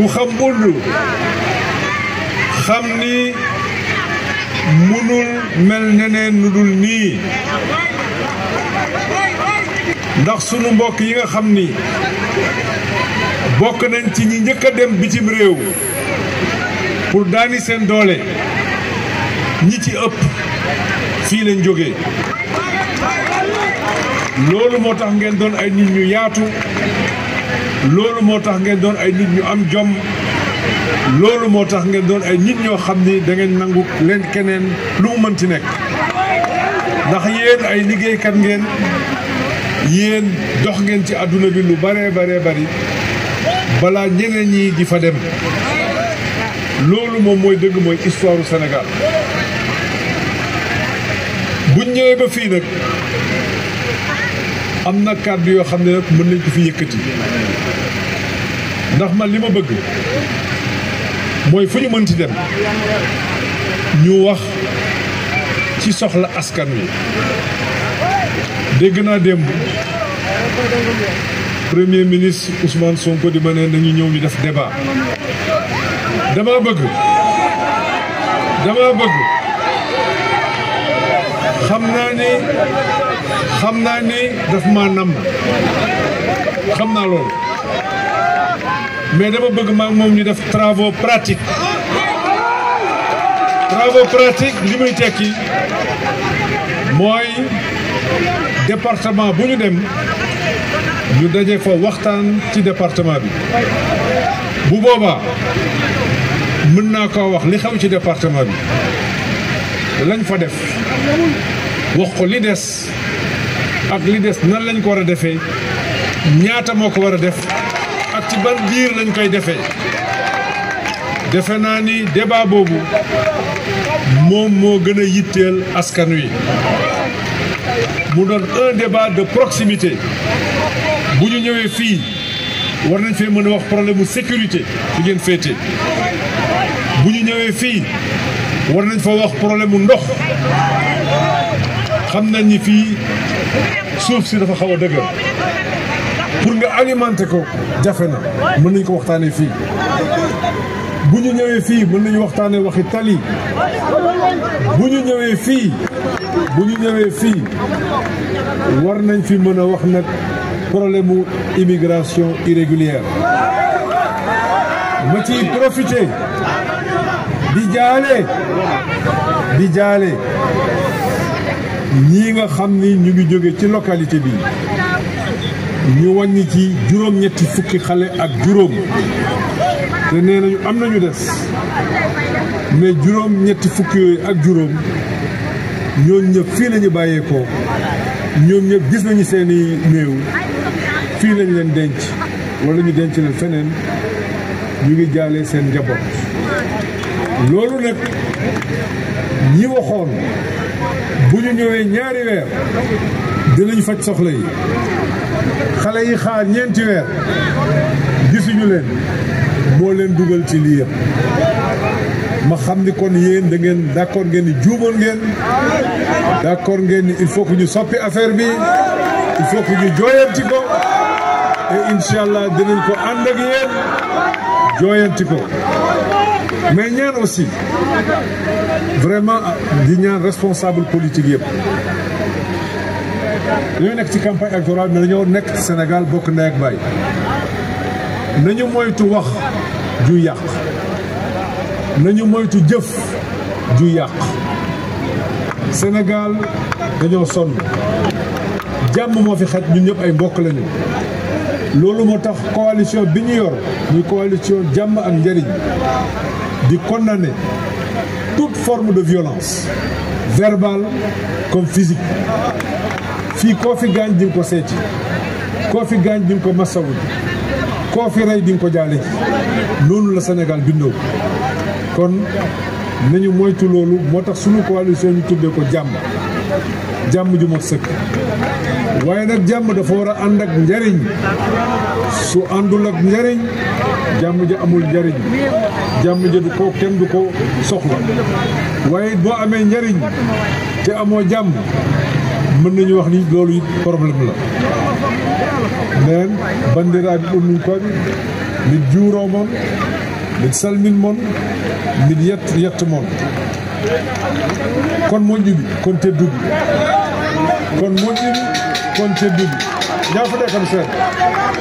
ku xam Modou Lo xam ni munul mel neneen nu dul nii ndax sunu mbokk yi nga xam ni bokk nañ ci ñi njëkk a dem bitim réew pour daani seen doole ñi ci ëpp fii lañ jóge loolu moo tax ngeen doon ay nit ñu yaatu loolu moo tax ngeen doon ay nit ñu am jom loolu moo tax ngeen doon ay nit ñoo xam ni dangeen ngeen nangu leen keneen lu mu mënti nekk ndax yéen ay liggéeykat ngeen yéen dox ngeen ci àdduna bi lu bare bare bari balaa ñeneen yi di fa dem loolu moom mooy dëgg mooy histoire u Sénégal buñ ñëwee ba fii nag am na kàddu yoo xam ne rek mën nañ ko fi yëkkati ndax man li ma bëgg mooy fu ñu mënti dem ñu wax ci soxla askan wi dégg naa démb premier ministre Ousmane Sonko di ma ne nañu ñëw ñu def débat dama bëgg dama bëgg xam naa ni xam naa ni daf maa nam xam naa loolu mais dama bëgg maa moom ñu def travaux pratiques travaux pratiques li muy tekki mooy département bu ñu dem ñu daje fa waxtaan ci département bi bu boobaa mën naa koo wax li xew ci département bi lañ fa def wax ko li des ak li des nan lañ ko war a defee ñaata moo ko war a def ak ci ban biir lañ koy defee defe naa ni débat boobu moom moo gën a yitteel askan wi mu doon un débat de proximité bu ñu ñëwee fii war nañ fee mën a wax problème mu sécurité fi ngeen féete bu ñu ñëwee fii war nañ fa wax problème mu ndox xam nañ ni fii suuf si dafa xaw a dëgër pour nga alimenter ko jafe na mën nañ ko waxtaanee fii bu ñu ñëwee fii mën nañu waxtaanee waxi tali bu ñu ñëwee fii bu ñu ñëwee fii war nañ fi mën a wax nag problème mu immigration irrégulière ma ciy bi jaale di jaale ñii nga xam ni ñu ngi jóge ci localité bi ñu waññi ci juróom-ñetti fukki xale ak juróom te nee nañu am nañu des mais juróom-ñetti fukki yooyu ak juróom ñoom ñëpp fii la bàyyeekoo ñoom ñëpp gis nañu seeni néew fii lañ leen denc wala ñu denc leen feneen ñu ngi jaale seen njaboot. loolu nag ñi waxoon bu ñu ñëwee ñaari weer dinañ faj soxla yi xale yi xaar ñeenti weer gisuñu leen moo leen dugal ci lii yëpp ma xam ni kon yéen da ngeen ngeen ni juumoon ngeen d'accord ngeen ni il faut que ñu soppi affaire bi il faut que ñu jooyanti ko te incha allah dinañ ko ànd ak yéen jooyanti ko. mais ñaan aussi vraiment di ñaan responsable politique yëpp dañoo nekk ci campagne électorale mais dañoo nekk Sénégal bokk ndey ak baay nañu moytu wax ju yàq nañu moytu jëf ju yàq Sénégal dañoo sonn jàmm moo fi xet ñu ñëpp ay mbokk lañu loolu moo tax coalition bi ñu yor muy coalition jàmm ak njëriñ di kon na ne toute forme de violence verbale comme physique fii koo fi gaañ di nga ko seeti koo fi gaañ di nga ko masawu koo fi rey di nga ko jaale ji noonu la Sénégal bindoo kon nañu moytu loolu moo tax suñu coalition ñu tuddee ko jàmm jàmm ju sëkk waaye nag jàmm dafa war a ànd ak njariñ su àndul ak njariñ jàmm ji amul njariñ jàmm ja du ko kenn du ko soxla waaye boo amee njariñ te amoo jàmm mën nañu wax ni loolu it problème la nden banndiraaɓe ɓurnin koɓe mbiɗa juuro moon mbiɗa salmin moon mbiɗa yett yetta moon kon moƴƴuɓe kon tedduɓe kon moƴƴuɓe kon ci biir ñaa fa nekkal seen